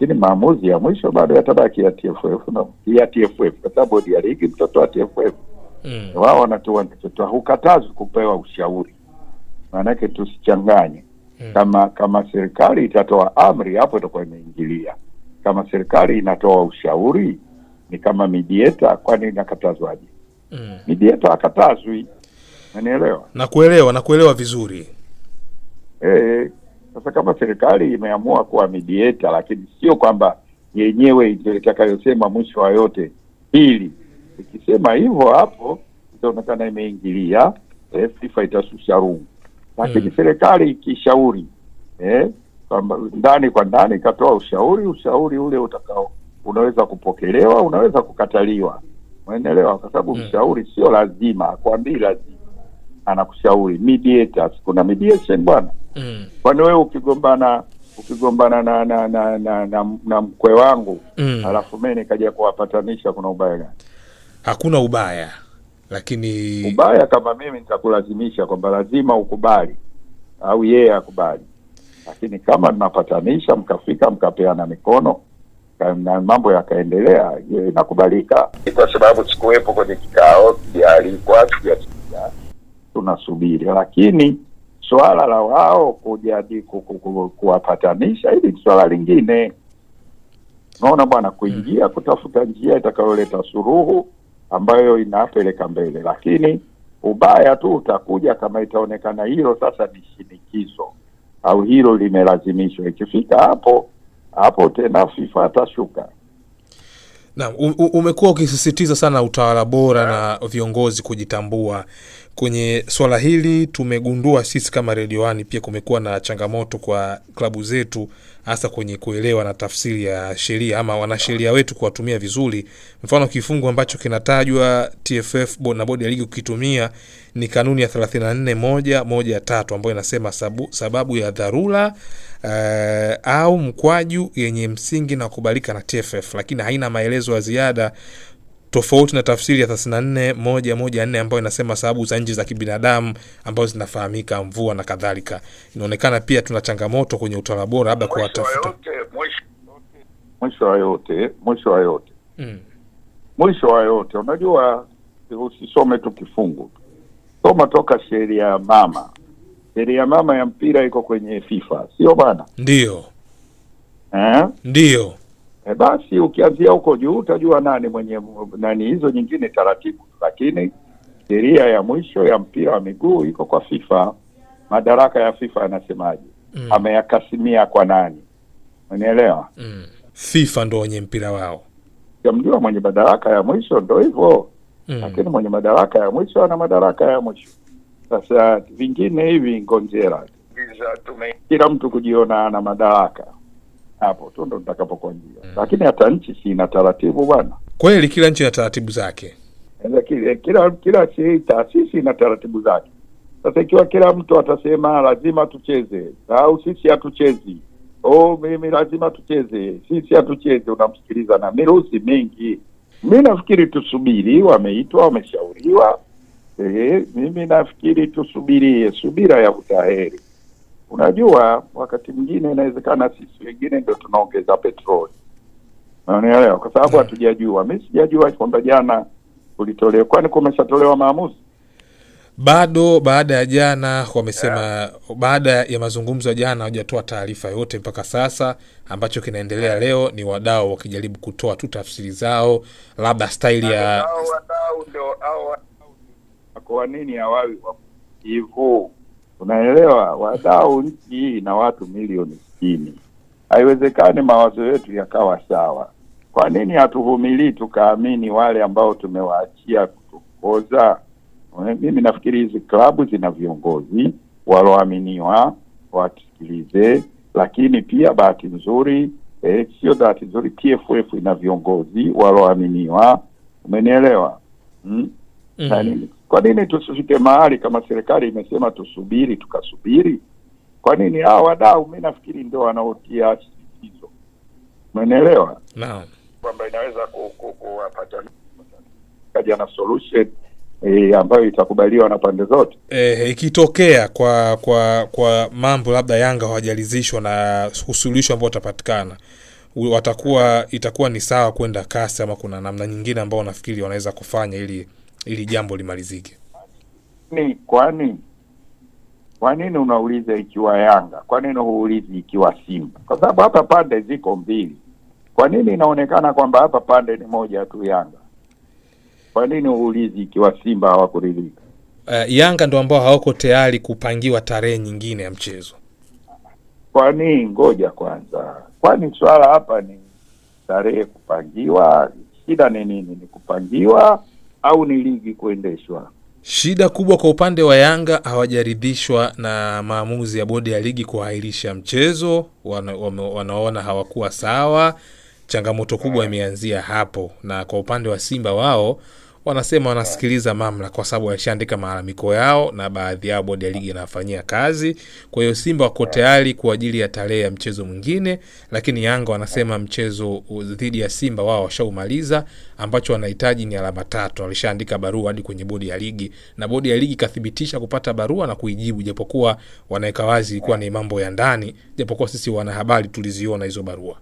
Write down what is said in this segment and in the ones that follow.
lakini maamuzi ya mwisho bado yatabaki ya TFF na ya TFF, kwa sababu bodi ya ligi mtoto wa TFF mm. wao wanatoa mtoto, hukatazwi kupewa ushauri, maanake tusichanganye mm. kama kama serikali itatoa amri, hapo itakuwa imeingilia. Kama serikali inatoa ushauri ni kama midieta, kwani inakatazwaje? mm. midieta akatazwi, nanielewa na kuelewa na kuelewa vizuri e, sasa kama serikali imeamua kuwa mediator, lakini sio kwamba yenyewe ndio itakayosema mwisho wa yote hili. Ikisema hivyo, hapo itaonekana imeingilia eh, FIFA itashusha rungu, lakini mm. serikali ikishauri eh, kwamba ndani kwa ndani ikatoa ushauri, ushauri ule utakao unaweza kupokelewa, unaweza kukataliwa, unaelewa, kwa sababu mshauri mm. sio lazima akwambii lazima anakushauri mediators, kuna mediation bwana mm. kwani wewe ukigombana ukigombana na na na, na, na, na mkwe wangu mm. alafu mimi nikaja kuwapatanisha, kuna ubaya gani? Hakuna ubaya, lakini ubaya kama mimi nitakulazimisha kwamba lazima ukubali au yeye akubali, lakini kama mnapatanisha mkafika mkapeana mikono na mambo yakaendelea, inakubalika, kwa sababu sikuwepo kwenye kikao, sijaalikwa, sija tunasubiri, lakini swala la wao kujadi kuwapatanisha ili swala lingine. Unaona bwana, kuingia mm-hmm. kutafuta njia itakayoleta suruhu ambayo inapeleka mbele, lakini ubaya tu utakuja kama itaonekana hilo sasa ni shinikizo au hilo limelazimishwa. Ikifika hapo hapo tena FIFA atashuka. Na umekuwa ukisisitiza sana utawala bora na viongozi kujitambua kwenye swala hili tumegundua sisi kama redio ani pia kumekuwa na changamoto kwa klabu zetu, hasa kwenye kuelewa na tafsiri ya sheria ama wanasheria wetu kuwatumia vizuri. Mfano, kifungu ambacho kinatajwa TFF na bodi ya ligi kukitumia ni kanuni ya 3413 moja moja tatu ambayo inasema sabu, sababu ya dharura uh, au mkwaju yenye msingi na kukubalika na TFF, lakini haina maelezo ya ziada tofauti na tafsiri ya 34114 ambayo inasema sababu za nje za kibinadamu ambazo zinafahamika, mvua na kadhalika. Inaonekana pia tuna changamoto kwenye utawala bora, labda kwa Mwisho wa yote, mwisho wa yote, mm. mwisho wa yote, unajua usisome tu kifungu, soma toka sheria mama. Sheria mama ya mpira iko kwenye FIFA, sio bana? Ndio eh? ndio e, basi ukianzia huko juu utajua nani mwenye nani. Hizo nyingine taratibu, lakini sheria ya mwisho ya mpira wa miguu iko kwa FIFA. Madaraka ya FIFA yanasemaje? mm. ameyakasimia kwa nani? Unielewa? mm. FIFA ndo wenye mpira wao, amjua mwenye madaraka ya mwisho, ndo hivyo mm. lakini mwenye madaraka ya mwisho ana madaraka ya mwisho. Sasa vingine hivi ngonjera, kila mtu kujiona ana madaraka hapo tu ndo nitakapokuambia mm. Lakini hata nchi si ina taratibu bwana, kweli kila nchi ina taratibu zake, eh, kila kila, kila taasisi ina taratibu zake. Sasa ikiwa kila mtu atasema lazima tucheze au sisi hatuchezi, oh, mimi lazima tucheze, sisi hatucheze, unamsikiliza na mirusi mingi. Mi nafikiri tusubiri, wameitwa wameshauriwa. mimi nafikiri tusubirie, subira ya utaheri. Unajua, wakati mwingine inawezekana sisi wengine ndio tunaongeza petroli, naonielewa kwa sababu hatujajua. Mi sijajua kwamba jana ulitolewa, kwani kumeshatolewa maamuzi bado? Baada ya jana wamesema yeah. Baada ya mazungumzo ya jana hawajatoa taarifa yote mpaka sasa. Ambacho kinaendelea eh. leo ni wadau wakijaribu kutoa tu tafsiri zao, labda staili ya Kwa nini hawawi hivyo Unaelewa, wadau nchi hii na watu milioni sitini. Haiwezekani mawazo yetu yakawa sawa. Kwa nini hatuvumilii tukaamini wale ambao tumewaachia kutuongoza? Eh, mimi nafikiri hizi klabu zina viongozi waloaminiwa, watusikilize Lakini pia bahati nzuri eh, sio bahati nzuri, TFF ina viongozi waloaminiwa, umenielewa? hmm? mm -hmm. Kwa nini tusifike mahali kama serikali imesema tusubiri tukasubiri? Kwa nini hawa wadau, mi nafikiri ndio wanaotia sisitizo, umeelewa? Naam, kwamba inaweza kuwapata kaja na solution E, ambayo itakubaliwa na pande zote. E, ikitokea kwa kwa kwa mambo labda Yanga hawajalizishwa na usuluhisho ambao utapatikana watakuwa itakuwa ni sawa kwenda kasi, ama kuna namna nyingine ambao nafikiri wanaweza kufanya ili ili jambo limalizike. Ni kwani kwa nini unauliza ikiwa Yanga? Kwa nini huulizi ikiwa Simba? Kwa sababu hapa pande ziko mbili. Kwa nini inaonekana kwamba hapa pande ni moja tu Yanga? Kwa nini huulizi ikiwa Simba hawakuridhika? Uh, Yanga ndo ambao hawako tayari kupangiwa tarehe nyingine ya mchezo. nini? ngoja kwanza, kwani swala hapa ni tarehe kupangiwa? Shida ni nini? Ni kupangiwa au ni ligi kuendeshwa. Shida kubwa kwa upande wa Yanga, hawajaridhishwa na maamuzi ya bodi ya ligi kuahirisha mchezo. Wana, wanaona hawakuwa sawa. Changamoto kubwa imeanzia hapo, na kwa upande wa Simba wao wanasema wanasikiliza mamlaka kwa sababu wameshaandika malalamiko yao na baadhi yao bodi ya ligi inafanyia kazi. Kwa hiyo Simba wako tayari kwa ajili ya tarehe ya mchezo mwingine, lakini Yanga wanasema mchezo dhidi ya Simba wao washaumaliza, ambacho wanahitaji ni alama tatu. Walishaandika barua hadi kwenye bodi ya ligi na bodi ya ligi ikathibitisha kupata barua na kuijibu, japokuwa wanaweka wazi ilikuwa ni mambo ya ndani, japokuwa sisi wanahabari tuliziona hizo barua.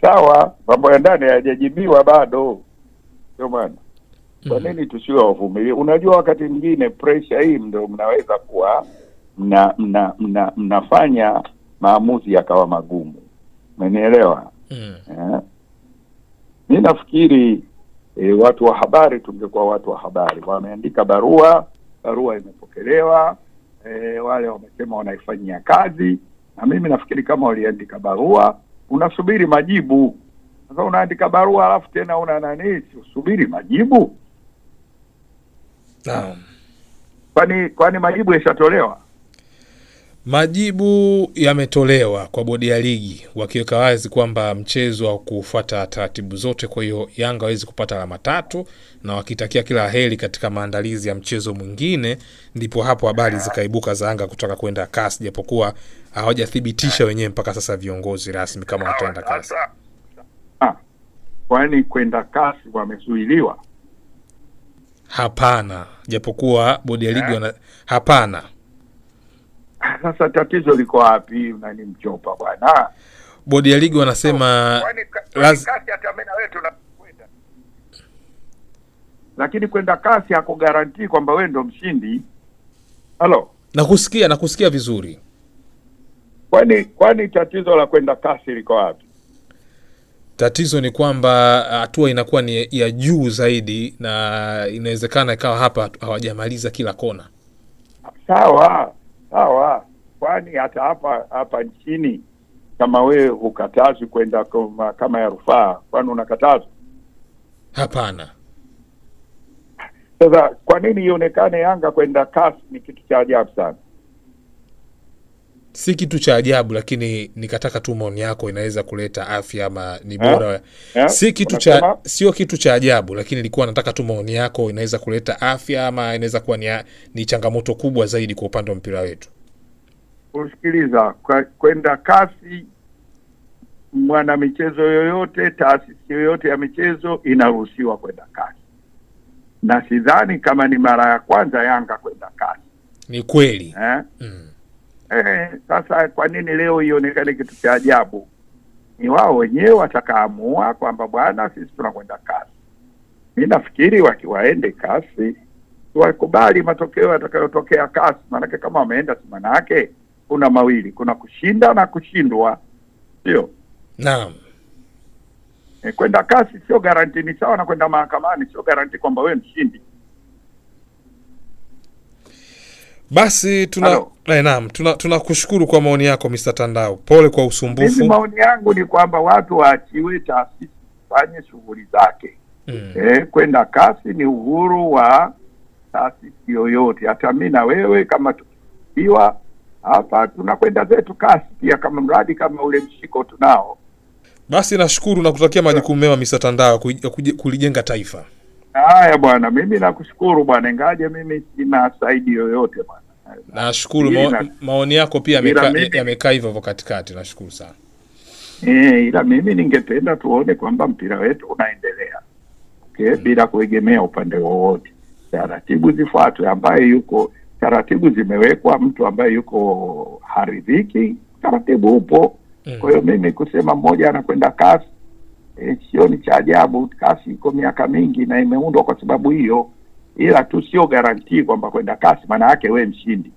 Sawa, mambo ya ndani hayajajibiwa bado. Ndio maana kwa mhm. nini tusiwe wavumilia? Unajua, wakati mwingine presha hii ndo mnaweza kuwa mna, mna, mna, mnafanya maamuzi yakawa magumu, menielewa mm. Eh, mi nafikiri eh, watu wa habari tungekuwa watu wa habari, wameandika barua, barua imepokelewa, eh, wale wamesema wanaifanyia kazi, na mimi nafikiri kama waliandika barua, unasubiri majibu. Sasa unaandika barua alafu tena una nani, usubiri majibu? Naam. Kwani kwani majibu yashatolewa? Majibu yametolewa kwa bodi ya ligi wakiweka wazi kwamba mchezo wa kufuata taratibu zote. Kwa hiyo Yanga hawezi kupata alama tatu, na wakitakia kila heri katika maandalizi ya mchezo mwingine. Ndipo hapo habari zikaibuka za Yanga kutaka kwenda CAS, japokuwa hawajathibitisha wenyewe mpaka sasa viongozi rasmi kama wataenda CAS kwani kwenda kasi wamezuiliwa? Hapana, japokuwa bodi ya ligi eh? wana... hapana. Sasa tatizo liko wapi? Nani mchopa bwana? Bodi ya ligi wanasema oh, lakini kwenda kasi hako garantii kwamba wewe ndo mshindi. Halo, nakusikia nakusikia vizuri. Kwani kwani tatizo la kwenda kasi liko wapi? Tatizo ni kwamba uh, hatua inakuwa ni ya juu zaidi, na inawezekana ikawa hapa hawajamaliza kila kona. Sawa sawa, kwani hata hapa hapa nchini kama wewe hukatazwi kwenda kama ya rufaa, kwani unakatazwa? Hapana. Sasa kwa nini ionekane Yanga kwenda kasi? Ni kitu cha ajabu sana si kitu cha ajabu, lakini nikataka tu maoni yako, inaweza kuleta afya ama ni bora yeah. Yeah. si kitu cha, sio kitu cha ajabu, lakini nilikuwa nataka tu maoni yako, inaweza kuleta afya ama inaweza kuwa ni, ni changamoto kubwa zaidi kwa upande wa mpira wetu. Usikiliza, kwenda kasi mwana michezo yoyote, taasisi yoyote ya michezo inaruhusiwa kwenda kasi, na sidhani kama ni mara ya kwanza Yanga kwenda kasi. Ni kweli eh? mm. Eh, sasa kwa nini leo ionekane kitu cha ajabu? Ni wao wenyewe watakaamua kwamba bwana, sisi tunakwenda kasi. Mi nafikiri wakiwaende kasi, wakubali matokeo yatakayotokea kasi, maanake kama wameenda si kuna mawili, kuna kushinda na kushindwa, sio naam. E, kwenda kasi sio garanti, ni sawa na kwenda mahakamani, sio garanti kwamba wewe mshindi. Basi tuna eh, naam, tunakushukuru tuna kwa maoni yako Mr. Tandao, pole kwa usumbufu. Mimi maoni yangu ni kwamba watu waachiwe taasisi zifanye shughuli zake mm. Eh, kwenda kasi ni uhuru wa taasisi yoyote, hata mi na wewe kama tukiwa hapa tunakwenda zetu kasi pia, kama mradi kama ule mshiko tunao. Basi nashukuru na kutakia majukumu mema Mr. Tandao, ya kulijenga taifa. Haya bwana, mimi nakushukuru bwana, ingaje mimi sina saidi yoyote bwana. Nashukuru ma maoni yako pia yamekaa hivyo hivyo katikati. Nashukuru sana eh, ila mimi ningependa tuone kwamba mpira wetu unaendelea okay, mm. bila kuegemea upande wowote. Taratibu zifuatwe, ambaye yuko taratibu zimewekwa, mtu ambaye yuko haridhiki, taratibu upo. Hmm. Kwa hiyo mimi kusema mmoja anakwenda kasi e, sioni cha ajabu. Kasi iko miaka mingi na imeundwa kwa sababu hiyo, ila tu sio garantii kwamba kwenda kasi maana yake wewe mshindi.